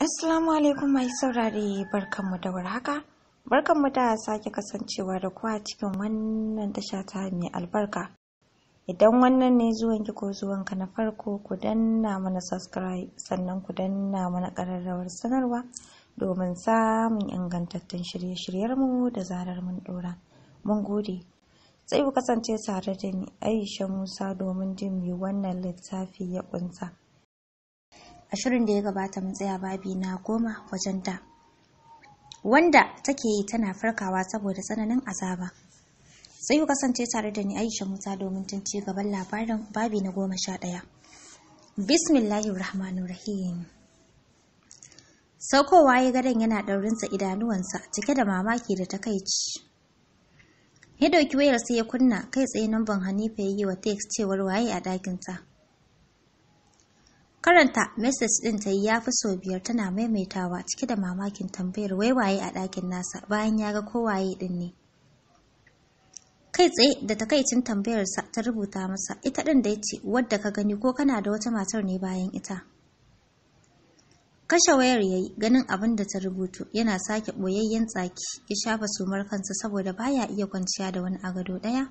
Assalamu alaikum mai saurare barkanmu da warhaka. Barkanmu da sake kasancewa da kuwa cikin wannan tasha ta mai albarka. Idan wannan ne zuwan ko zuwanka na farko ku danna mana subscribe sannan ku danna mana ƙararrawar sanarwa domin samun ingantattun shirye-shiryenmu da zarar mun ɗora. Mun gode. Sai ku kasance tare da ni Aisha Musa domin jin me wannan littafi ya ƙunsa. a shirin da ya gabata mun tsaya babi na goma wajen da wanda take yi tana farkawa saboda tsananin azaba sai ku kasance tare da ni aisha musa domin tun ci gaban labarin babi na goma sha ɗaya Bismillahi rahmanu rahim saukowa ya gadon yana ɗaurinsa idanuwansa cike da mamaki da takaici ya ɗauki wayar sai ya kunna kai tsaye namban hanifa ya yi wa text cewar waye a ɗakinsa Karanta message ɗin ta yi ya fi sau biyar tana maimaitawa cike da mamakin tambayar waiwaye a ɗakin nasa bayan ya ga kowaye ɗin ne. Kai tsaye da takaicin tambayarsa ta rubuta masa ita ɗin da ya ce wadda ka gani ko kana da wata matar ne bayan ita. Kashe wayar ya yi ganin abin da ta rubutu yana sake ɓoyayyen tsaki ya shafa sumar kansa saboda baya iya kwanciya da wani agado ɗaya.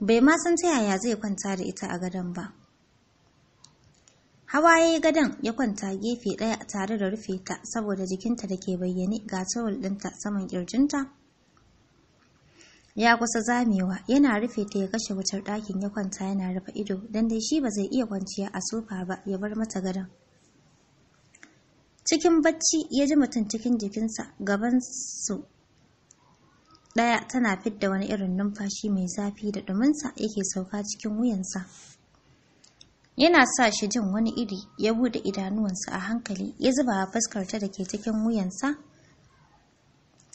Bai ma san ta yaya zai kwanta da ita a gadon ba. Hawa ya yi gadon ya kwanta gefe ɗaya tare da rufe ta saboda jikinta da ke bayyane ga tawul ɗinta saman ƙirjinta. Ya kusa zamewa yana rufe ta ya kashe wutar ɗakin ya kwanta yana rufe ido don dai shi ba zai iya kwanciya a sofa ba ya bar mata gadon. Cikin bacci ya ji mutum cikin jikinsa gaban su ɗaya tana fidda wani irin numfashi mai zafi da ɗuminsa yake sauka cikin wuyansa. yana sa shi jin wani iri ya bude idanuwansa a hankali ya zuba a fuskarta da ke cikin wuyansa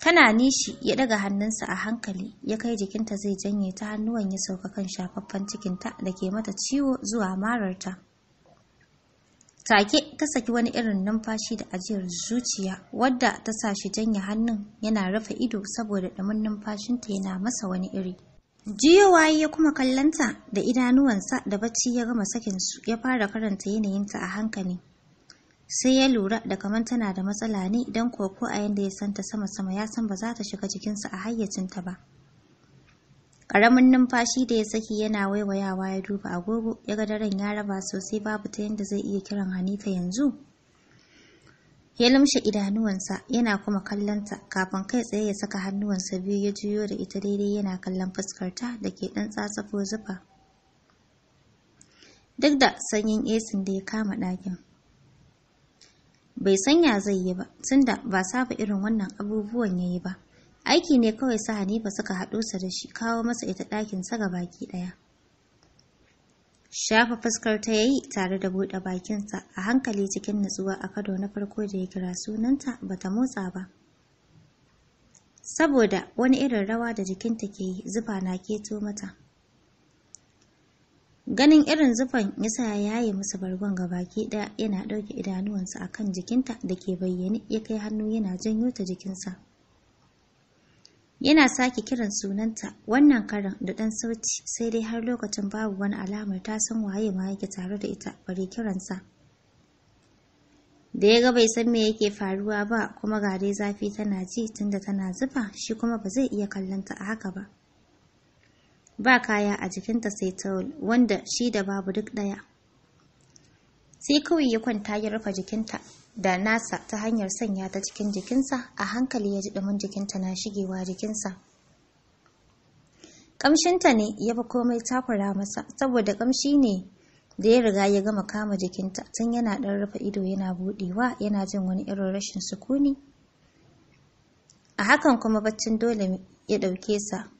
kana nishi ya daga hannunsa a hankali ya kai jikinta zai janye ta hannuwan ya sauka kan shafaffen cikinta da ke mata ciwo zuwa mararta take ta saki wani irin numfashi da ajiyar zuciya wadda ta sa shi janye hannun yana rufe ido saboda ɗumin numfashinta yana masa wani iri Jiya waye ya kuma kallanta da idanuwansa da bacci ya gama sakin su ya fara karanta yanayinta a hankali. Sai ya lura da kamar tana da matsala ne don koko a yanda ya santa sama-sama ya san ba za ta shiga jikinsa a hayyacinta ba. Ƙaramin numfashi da ya saki yana waiwayawa ya duba agogo ya ga daren ya raba sosai babu ta yadda zai iya kiran Hanifa yanzu. Ya lumshe idanuwansa yana kuma kallonta kafin kai tsaye ya saka hannuwansa biyu ya juyo da ita daidai yana kallon fuskarta da ke ɗan tsatsafo zufa. Duk da sanyin esin da ya kama ɗakin. Bai sanya zai yi ba, tunda ba saba irin wannan abubuwan ya yi ba. Aiki ne kawai sa Hanifa suka haɗo sa da shi kawo masa ita ɗakin sa baki ɗaya. Shafa fuskar ta yayi tare da buɗe bakinsa a hankali cikin nutsuwa a kado na farko da ya kira sunanta ba ta motsa ba. Saboda wani irin rawa da jikinta ke yi zufa na keto mata. Ganin irin zufan ya sa ya yaye masa bargon baki ɗaya yana ɗauke idanuwansa kan jikinta da ke bayyane ya kai hannu yana janyo ta jikinsa. Yana sake kiran sunanta wannan karan da ɗan sauti sai dai har lokacin babu wani alamar ta san waye ma yake tare da ita bari kiransa. Da ya ga bai san me yake faruwa ba kuma ga dai zafi tana ji tunda tana zufa shi kuma ba zai iya kallon a haka ba. Ba kaya a jikinta sai tawul wanda shi da babu duk ɗaya. Sai kawai ya kwanta ya rufe jikinta da nasa ta hanyar sanya ta cikin jikinsa a hankali ya ji ɗumin jikinta na shigewa jikinsa ƙamshinta ne ya fi komai takura masa saboda ƙamshi ne da ya riga ya gama kama jikinta tun yana ɗan rufe ido yana buɗewa yana jin wani irin rashin sukuni a hakan kuma baccin dole ya ɗauke sa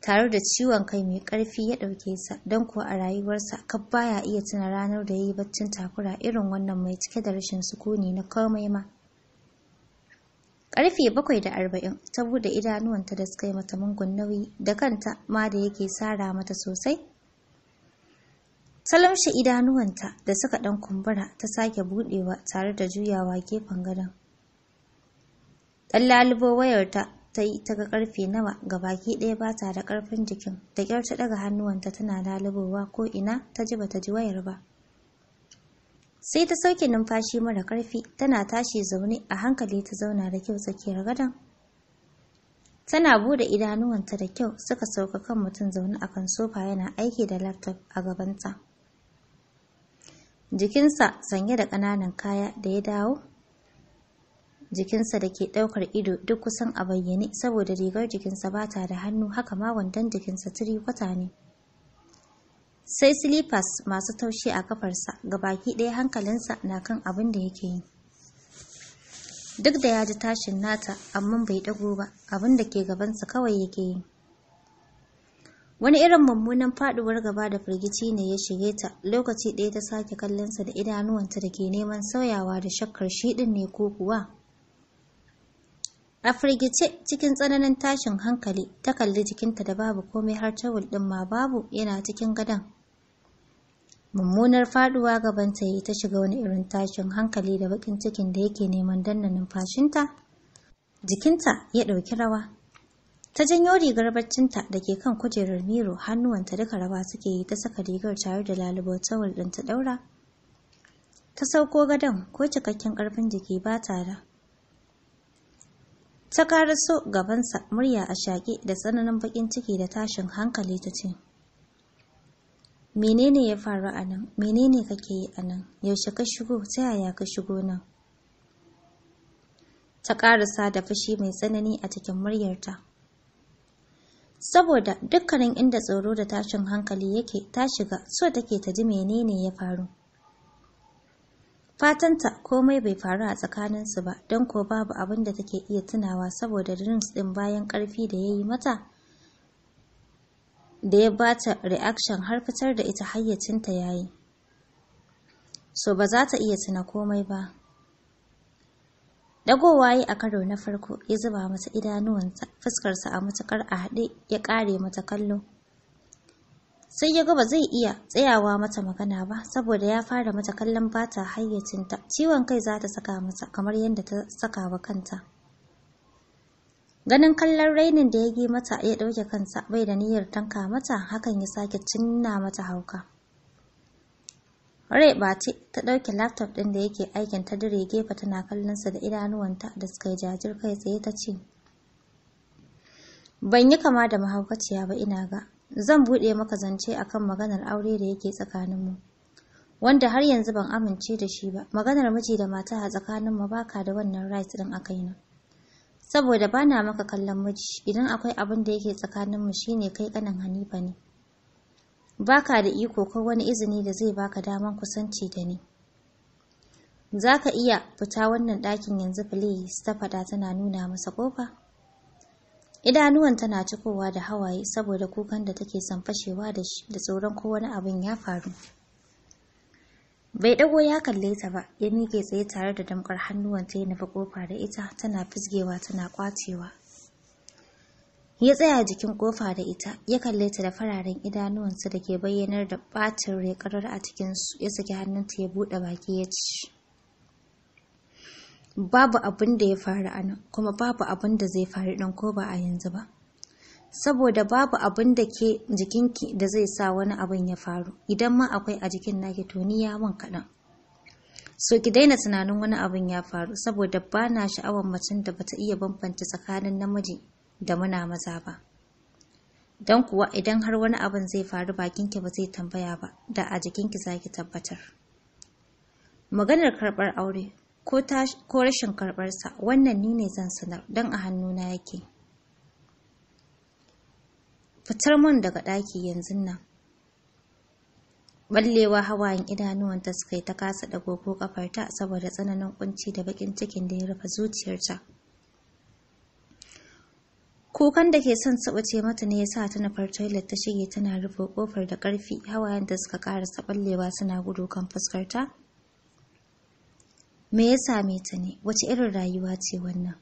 tare da ciwon kai mai ƙarfi ya ɗauke sa don kuwa a rayuwarsa kaf baya iya tuna ranar da ya yi baccin takura irin wannan mai cike da rashin sukuni na komai ma Ƙarfe bakwai da arba'in ta buɗe idanuwanta da suka yi mata mungun nauyi da kanta ma da yake sara mata sosai. Ta idanuwanta da suka ɗan kumbura ta sake buɗewa tare da juyawa gefen gadon. Ɗan lalubo wayarta ta yi ta ga karfe nawa ga baki ɗaya ba ta da karfin jikin da kyar ta daga hannuwanta tana lalubowa ko ina ta ji bata ji wayar ba sai ta sauke numfashi mara karfi tana tashi zaune a hankali ta zauna da kyau tsakiyar gadon tana bude idanuwanta da kyau suka sauka kan mutum zaune a kan sofa yana aiki da laptop a gabanta jikinsa sanye da ƙananan kaya da ya dawo jikinsa da ke ɗaukar ido duk kusan a bayyane saboda rigar jikinsa ba ta da hannu haka ma wandon jikinsa tiri kwata ne sai silipas masu taushi a kafarsa ga baki ɗaya hankalinsa na kan abin da yake yi duk da ya ji tashin nata amma bai ɗago ba abin da ke gabansa kawai yake yi wani irin mummunan faɗuwar gaba da firgici ne ya shige ta lokaci ɗaya ta sake kallonsa da idanuwanta da ke neman sauyawa da shakkar shi ɗin ne ko kuwa A firgice cikin tsananin tashin hankali ta kalli jikinta da babu komai har tawul ɗin ma babu yana cikin gadon. Mummunar faduwa gabanta yi ta shiga wani irin tashin hankali da bakin cikin da yake neman danna numfashinta. Jikinta ya ɗauki rawa. Ta janyo rigar barcinta da ke kan kujerar miro hannuwanta duka rawa suke yi ta saka rigar tare da lalubo tawul ɗin ta ɗaura. Ta sauko gadon ko cikakken ƙarfin jiki ba ta da. ta so gabansa murya a shaƙe da tsananin baƙin ciki da tashin hankali ta ce menene ya faru a nan menene kake yi a nan yaushe ka shigo ta yaya ka shigo nan ta karasa da fushi mai tsanani a cikin muryarta saboda dukkanin inda tsoro da tashin hankali yake ta shiga so take ta ji menene ya faru Fatanta komai bai faru a tsakaninsu ba, don ko babu abin da take iya tunawa saboda drinks ɗin bayan ƙarfi da ya yi mata. Da ya bata reaction har fitar da ita hayyacinta ya yi. So ba za ta iya tuna komai ba. Dagowa yi a karo na farko ya zuba mata idanuwansa fuskarsa a matuƙar a haɗe ya ƙare mata kallo. sai ya ga ba zai iya tsayawa mata magana ba saboda ya fara mata kallon bata hayyacinta ciwon kai za ta saka mata kamar yadda ta saka wa kanta ganin kallon rainin da ya gi mata ya ɗauke kansa bai da niyyar tanka mata hakan ya sake cinna mata hauka rai ɓace ta ɗauke laptop ɗin da yake aikin ta dire gefe tana kallonsa da idanuwanta da suka yi jajir kai tsaye ta ce ban yi kama da mahaukaciya ba ina ga zan buɗe maka zance akan maganar aure da yake tsakaninmu wanda har yanzu ban amince da shi ba maganar miji da mata a tsakaninmu ba ka da wannan right ɗin a kaina saboda bana maka kallon miji idan akwai abin da yake tsakaninmu shine kai kanan hanifa ne Ba ka da iko ko wani izini da zai baka daman kusanci da ni za ka iya fita wannan ɗakin yanzu please ta faɗa tana nuna masa ƙofa idanuwan tana cikowa da hawaye saboda kukan da take son fashewa da shi da tsoron ko wani abin ya faru bai dago ya kalle ta ba ya mike tsaye tare da damkar hannuwan ta nufi kofa da ita tana fisgewa tana kwacewa ya tsaya jikin kofa da ita ya kalle ta da fararen idanuwansa da ke bayyanar da bacin rekarar a cikinsu ya saki hannunta ya buɗe baki ya ci babu abin da ya faru a nan kuma babu abin da zai faru ɗan ko ba a yanzu ba saboda babu abin da ke jikinki da zai sa wani abin ya faru idan ma akwai a jikin naki to ni ya mun kaɗan so ki daina tunanin wani abin ya faru saboda ba na sha'awar macen da bata iya bambanta tsakanin namiji da muna maza ba don kuwa idan har wani abin zai faru bakinki ba zai tambaya ba da a jikinki zaki tabbatar maganar karɓar aure ko rashin karɓarsa wannan ni ne zan sanar don a hannuna yake fitar mun daga ɗaki yanzu nan ballewa hawayen ta suka yi ta kasa ɗago ko ƙafarta saboda tsananin kunci da baƙin cikin da ya rufe zuciyarta kukan da ke son ce mata ne ya sa ta nufar toilet ta shige tana rufe kofar da ƙarfi hawayen da suka karasa ballewa suna gudu kan fuskarta me ya same ta ne wace irin rayuwa ce wannan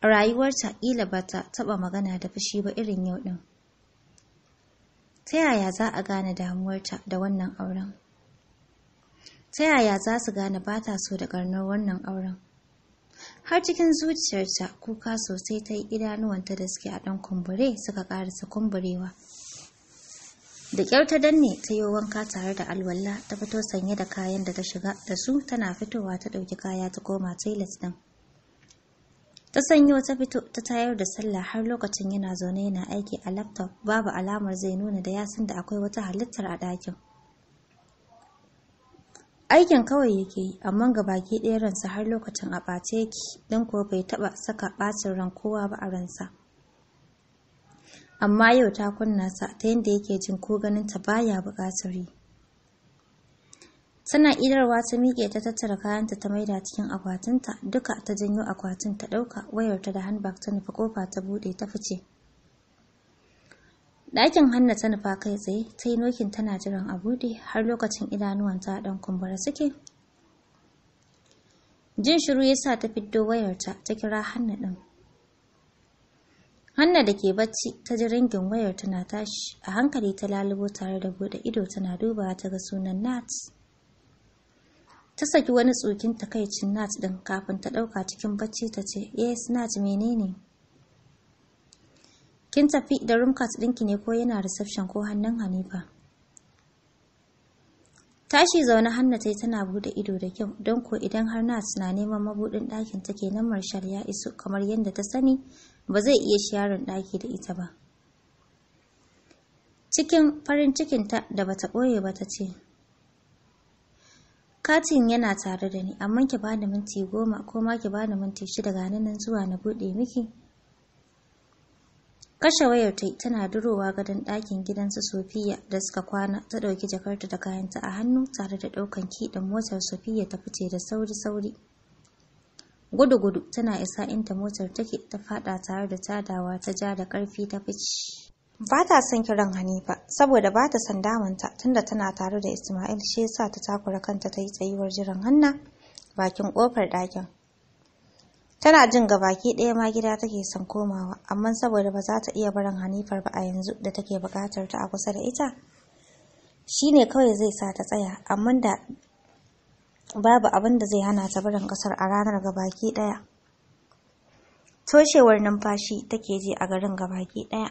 a rayuwarta ƙila ba ta taɓa magana da fushi ba irin yau ɗin ta yaya za a gane damuwarta da wannan auren ta yaya za su gane ba ta so da ƙarnar wannan auren har cikin zuciyarta kuka sosai ta yi idanuwanta da suke a ɗan kumbure suka ƙarasa kumburewa da kyar ta danne ta yi wanka tare da alwala ta fito sanye da kayan da ta shiga da su tana fitowa ta ɗauki kaya ta koma tilas ɗin ta sanyo ta fito ta tayar da sallah har lokacin yana zaune yana aiki a laptop babu alamar zai nuna da ya san da akwai wata halittar a ɗakin aikin kawai yake yi amma gabaki ɗaya ransa har lokacin a ɓace yake don kuwa bai taɓa saka ɓacin ran kowa ba a ransa amma yau ta kunna sa ta yadda yake jin ko ganin ta baya buƙatar yi. Tana idarwa ta miƙe ta tattara kayanta ta maida cikin akwatinta duka ta janyo akwatin ta ɗauka wayarta da handbag ta nufa ƙofa ta buɗe ta fice. Ɗakin hanna ta nufa kai tsaye ta yi nokin tana jiran a buɗe har lokacin ta ɗan kumbura suke. Jin shiru ya sa ta fiddo wayarta ta kira hanna ɗin Hanna da ke bacci ta ji ringin wayar tana tashi a hankali ta lalubo tare da buɗe ido tana dubawa ta ga sunan Nat. Ta saki wani tsokin takaicin Nat ɗin, kafin ta ɗauka cikin bacci ta ce, "Yes, Nat menene?" Kin tafi da room card ɗinki ne ko yana reception ko hannun Hanifa? Tashi zaune Hanna ta yi tana buɗe ido da kyau don ko idan har Nat na neman mabuɗin ɗakin take nan Marshal ya iso kamar yadda ta sani ba zai iya sharin ɗaki da ita ba cikin farin cikinta da bata ɓoye ba ta ce katin yana tare da ni amma ki bani minti goma ko ma ki bani minti shida ga nan zuwa na buɗe miki kashe wayar ta tana durowa gadon ɗakin gidansu Sofiya da suka kwana ta ɗauki jakarta da kayanta a hannu tare da ɗaukan kiɗan motar Sofiya ta fice da sauri-sauri. Gudu-gudu tana isa inda motar take ta fada tare da tadawa ta ja da karfi ta fice. Ba ta son kiran Hanifa saboda ba ta son damanta tunda tana tare da Ismail shi yasa ta takura kanta ta yi tsayuwar jiran Hanna bakin kofar ɗakin. Tana jin ga baki ɗaya ma gida take son komawa, amma saboda ba za ta iya barin Hanifar ba a yanzu da take buƙatar ta a kusa da ita. Shi ne kawai zai sa ta tsaya, amma da babu abin da zai hana ta barin kasar a ranar gabaki daya toshewar numfashi take ji a garin gabaki daya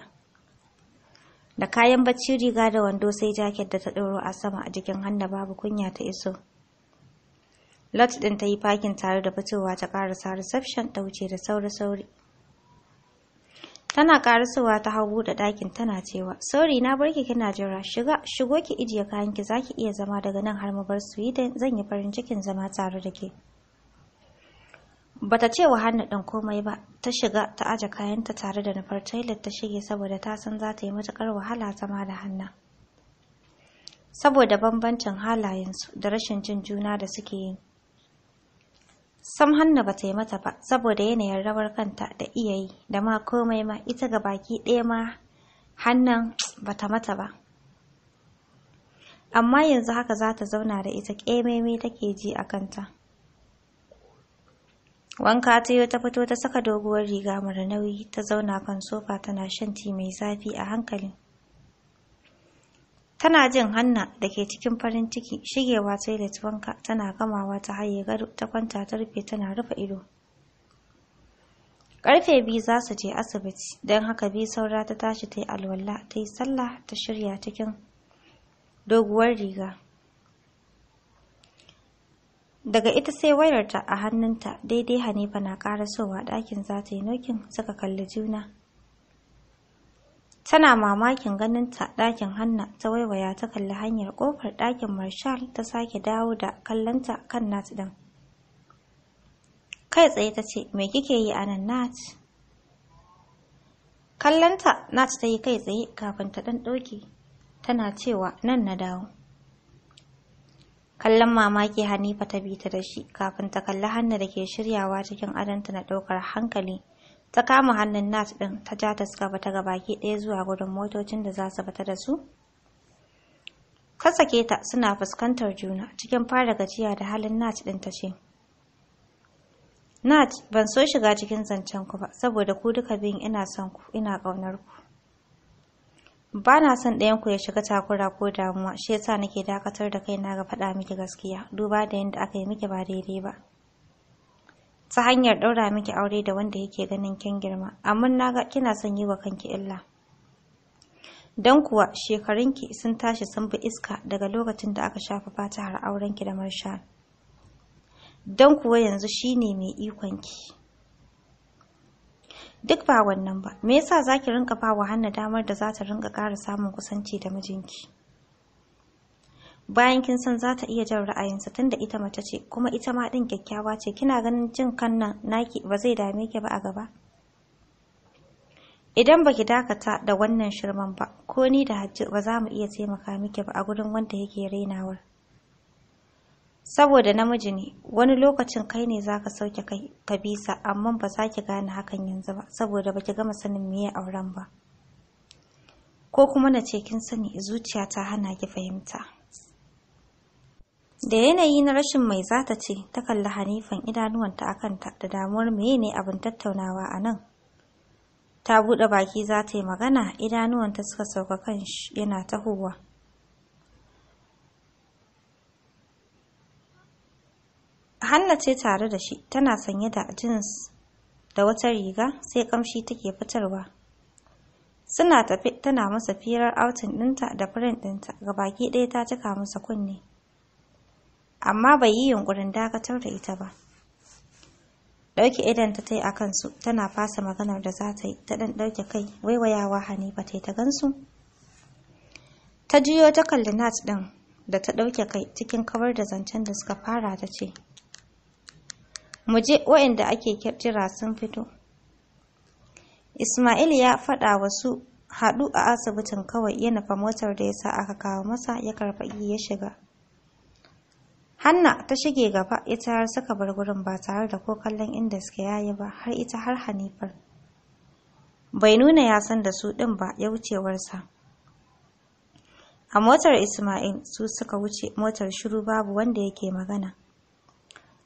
da kayan bacci riga da wando sai jaket da ta ɗoro a sama a jikin hannu babu kunya ta iso lot ɗin ta yi fakin tare da fitowa ta ƙarasa reception ta wuce da sauri-sauri Tana karasowa ta hau da ɗakin tana cewa, sauri na barki kina jira, shiga, shigo ki ijiye kayan ki zaki iya zama daga nan har mu bar Sweden, zan yi farin cikin zama tare da ke." Bata ce wa ɗin komai ba, ta shiga ta aje kayanta tare da nufar tailor ta shige saboda ta san za ta yi matuƙar wahala zama da Hanna. Saboda bambancin halayensu da rashin jin juna da suke yi, Sam Hanna ba ta yi mata ba saboda yanayin rawar kanta da iya yi da ma komai ma ita ga baki ɗaya ma hannun ba ta mata ba. Amma yanzu haka za ta zauna da ita ƙememe take ji a kanta. Wanka ta yi ta fito ta saka doguwar riga mara nauyi ta zauna kan sofa tana shan ti mai zafi a hankali. Tana jin Hanna da ke cikin farin ciki shigewa toilet wanka tana gamawa ta haye gado ta kwanta ta rufe tana rufe ido. Karfe biyu za su je asibiti don haka bi saura ta tashi ta yi alwala ta yi sallah ta shirya cikin doguwar riga. Daga ita sai wayarta a hannunta daidai Hanifa na karasowa ɗakin za ta yi nokin suka kalli juna. Tana mamakin ganin ta ɗakin Hanna ta waiwaya ta kalli hanyar ƙofar ɗakin Marshal ta sake dawo da kallonta kan Nat ɗin. Kai tsaye ta ce, Me kike yi a nan Nat? Kallonta Nat ta yi kai tsaye kafin ta ɗan ɗauke, tana cewa nan na dawo. Kallon mamaki Hanifa ta bi ta da shi kafin ta kalli Hanna da ke shiryawa cikin adanta na ɗaukar hankali. ta kama hannun nat ɗin ta ja ta suka bata ga baki ɗaya zuwa gudun motocin da za su bata da su ta sake ta suna fuskantar juna cikin fara gajiya da halin nat ɗin ta ce nat ban so shiga cikin zancen ku ba saboda ku duka bin ina son ku ina ƙaunar ku ba na son ɗayan ku ya shiga takura ko damuwa shi yasa nake dakatar da kaina ga faɗa miki gaskiya duba da yadda aka yi miki ba daidai ba ta hanyar ɗaura miki aure da wanda yake ganin kin girma amma na ga kina son yi wa kanki illa Dan kuwa shekarunki sun tashi sun bi iska daga lokacin da aka shafa fata har aurenki da marsha Dan kuwa yanzu shine mai ikonki duk ba wannan ba me yasa zaki rinka ba wa hanna damar da za ta rinka ƙara samun kusanci da mijinki bayan kin san za ta iya jan ra'ayinsa tun da ita mace ce kuma ita ma ɗin kyakkyawa ce kina ganin jin kan nan naki ba zai dame ki ba a gaba idan ba ki dakata da wannan shirman ba ko ni da hajji ba za mu iya taimaka miki ba a gurin wanda yake rainawar saboda namiji ne wani lokacin kai ne zaka sauke kai ka bisa amma ba za ki gane hakan yanzu ba saboda ba ki gama sanin miye auren ba ko kuma na ce kin sani zuciya ta hana ki fahimta da yanayi na rashin mai zata ce ta kalli hanifan idanuwanta a kanta da damuwar meye ne abin tattaunawa a nan ta buɗe baki za ta yi magana idanuwanta suka sauka kan shi yana tahowa hanna ce tare da shi tana sanye da jins da wata riga sai kamshi take fitarwa suna tafi tana masa firar autin ɗinta da firin ɗinta ga baki ɗaya ta cika masa kunne amma bai yi yunkurin dakatar da ita ba ɗauke idon ta yi a kansu tana fasa maganar da za ta yi ta ɗan ɗauke kai waiwayawa hanifa ta yi ta gansu ta juyo ta kalli nat ɗin da ta ɗauke kai cikin kawar da zancen da suka fara ta ce mu je waɗanda ake jira sun fito ismail ya faɗa wa su haɗu a asibitin kawai ya nufa motar da ya sa aka kawo masa ya karɓa ya shiga Hanna ta shige gaba ita har suka bar gurin ba tare da ko kallon inda suka yayi ba har ita har Hanifar. Bai nuna ya san da su ɗin ba ya wucewarsa. A motar Ismail su suka wuce motar shiru babu wanda yake magana.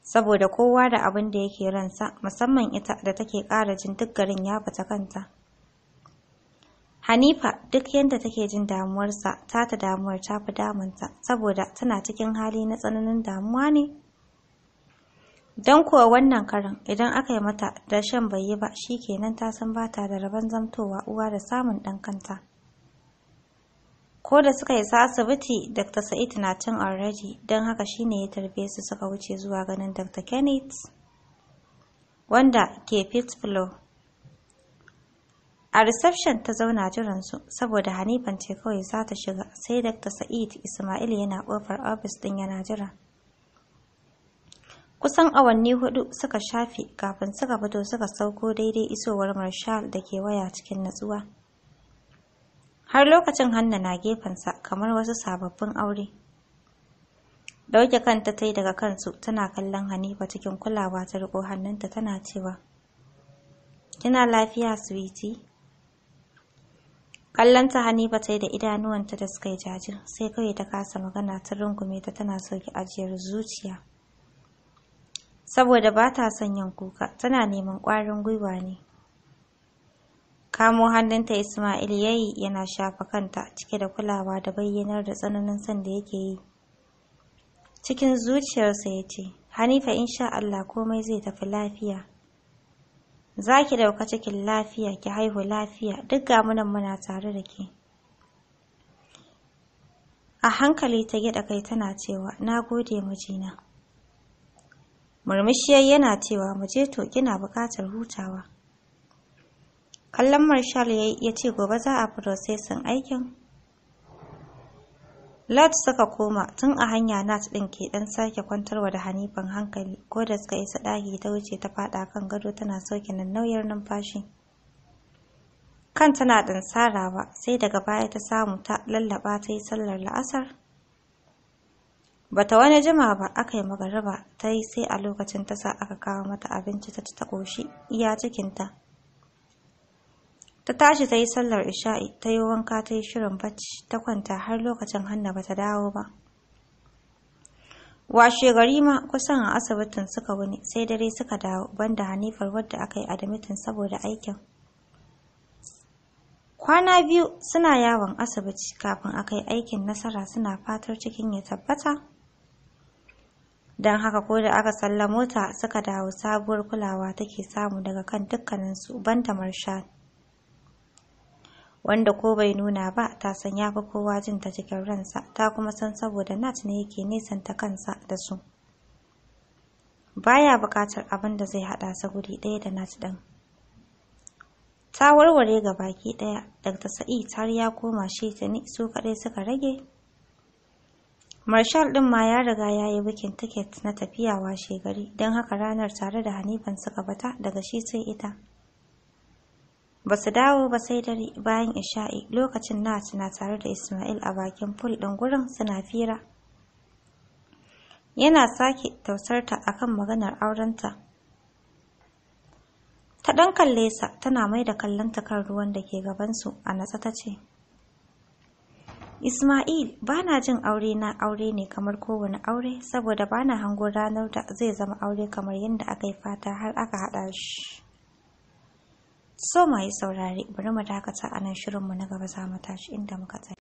Saboda kowa da abin da yake ransa musamman ita da take ƙara jin duk garin ya bata kanta. Hanifa duk yadda take jin damuwarsa, ta ta damuwar ta fi damunta, saboda tana cikin hali na tsananin damuwa ne. Don kuwa wannan karin idan aka yi mata da shan bai yi ba shi kenan ta san ba ta da rabon zamtowa uwa da samun ɗan kanta. Ko da suka isa asibiti, Dr. Sa'id na cin already, don haka shi ne ya tarbe su suka wuce zuwa ganin Dr. Kenneth, wanda ke Pittsburgh. a reception ta zauna jiransu saboda hanifan ce kawai za ta shiga sai dr sa'id ismail yana ƙofar ofis ɗin yana jira kusan awanni hudu suka shafe kafin suka fito suka sauko daidai isowar marshal da ke waya cikin natsuwa har lokacin hanna na gefensa kamar wasu sababbin aure dauke kanta ta yi daga kansu tana kallon hanifa cikin kulawa ta riko hannunta tana cewa kina lafiya sweetie kallon ta hanifa ta da idanuwanta da suka yi jajir sai kawai ta kasa magana ta rungume ta tana sauki ajiyar zuciya saboda ba ta son yin kuka tana neman ƙwarin gwiwa ne kamo hannunta ismail ya yi yana shafa kanta cike da kulawa da bayyanar da tsananin son da yake yi cikin zuciyarsa ya ce hanifa insha allah komai zai tafi lafiya za ki ɗauka cikin lafiya ki haihu lafiya duk ga munan muna tare da ke a hankali ta gida kai tana cewa na gode mijina murmushiyar yana cewa muje to kina buƙatar hutawa kallon marshal ya ce gobe za a processing aikin Lord suka koma tun a hanya Nat ɗin ke ɗan sake kwantarwa da Hanifan hankali ko da suka isa ɗaki ta wuce ta faɗa kan gado tana sauke nan nauyar numfashi. Kan tana ɗan sarawa sai daga baya ta samu ta lallaba ta yi sallar la'asar. Bata wani jima ba aka yi magariba ta yi sai a lokacin ta sa aka kawo mata abinci ta ta ƙoshi iya cikinta. ta tashi ta yi sallar isha'i ta yi wanka ta yi shirin bacci ta kwanta har lokacin hannu ba ta dawo ba washe gari ma kusan a asibitin suka wuni sai dare suka dawo banda hanifar wadda aka yi adamitin saboda aikin kwana biyu suna yawon asibiti kafin a kai aikin nasara suna fatar cikin ya tabbata don haka ko da aka salla mota, suka dawo sabuwar kulawa take samu daga kan dukkaninsu banda marshan wanda ko bai nuna ba ta san ya fi kowa jin ta cikin ransa ta kuma san saboda nat ne yake ta kansa da su baya buƙatar abin da zai hada sa guri daya da nat ɗin ta warware ga baki ɗaya dr sa'i har ya koma shi ta, "Ni su kaɗai suka rage marshal ɗin ma ya riga ya yi bikin tiket na tafiya washe gari don haka ranar tare da hanifan suka bata daga shi sai ita ba su dawo ba sai dare bayan isha'i lokacin na na tare da ismail a bakin ful ɗin gurin suna fira yana sake tausarta akan maganar aurenta ta ɗan kalle sa tana mai da kallonta kan ruwan da ke gabansu a natsa ta ce Ismail ba na jin aure na aure ne kamar kowane aure saboda ba na hango ranar da zai zama aure kamar yadda aka yi fata har aka haɗa shi. So masu saurari bari mu dakata a nan shirinmu na gaba za mu tashi inda muka tsaya.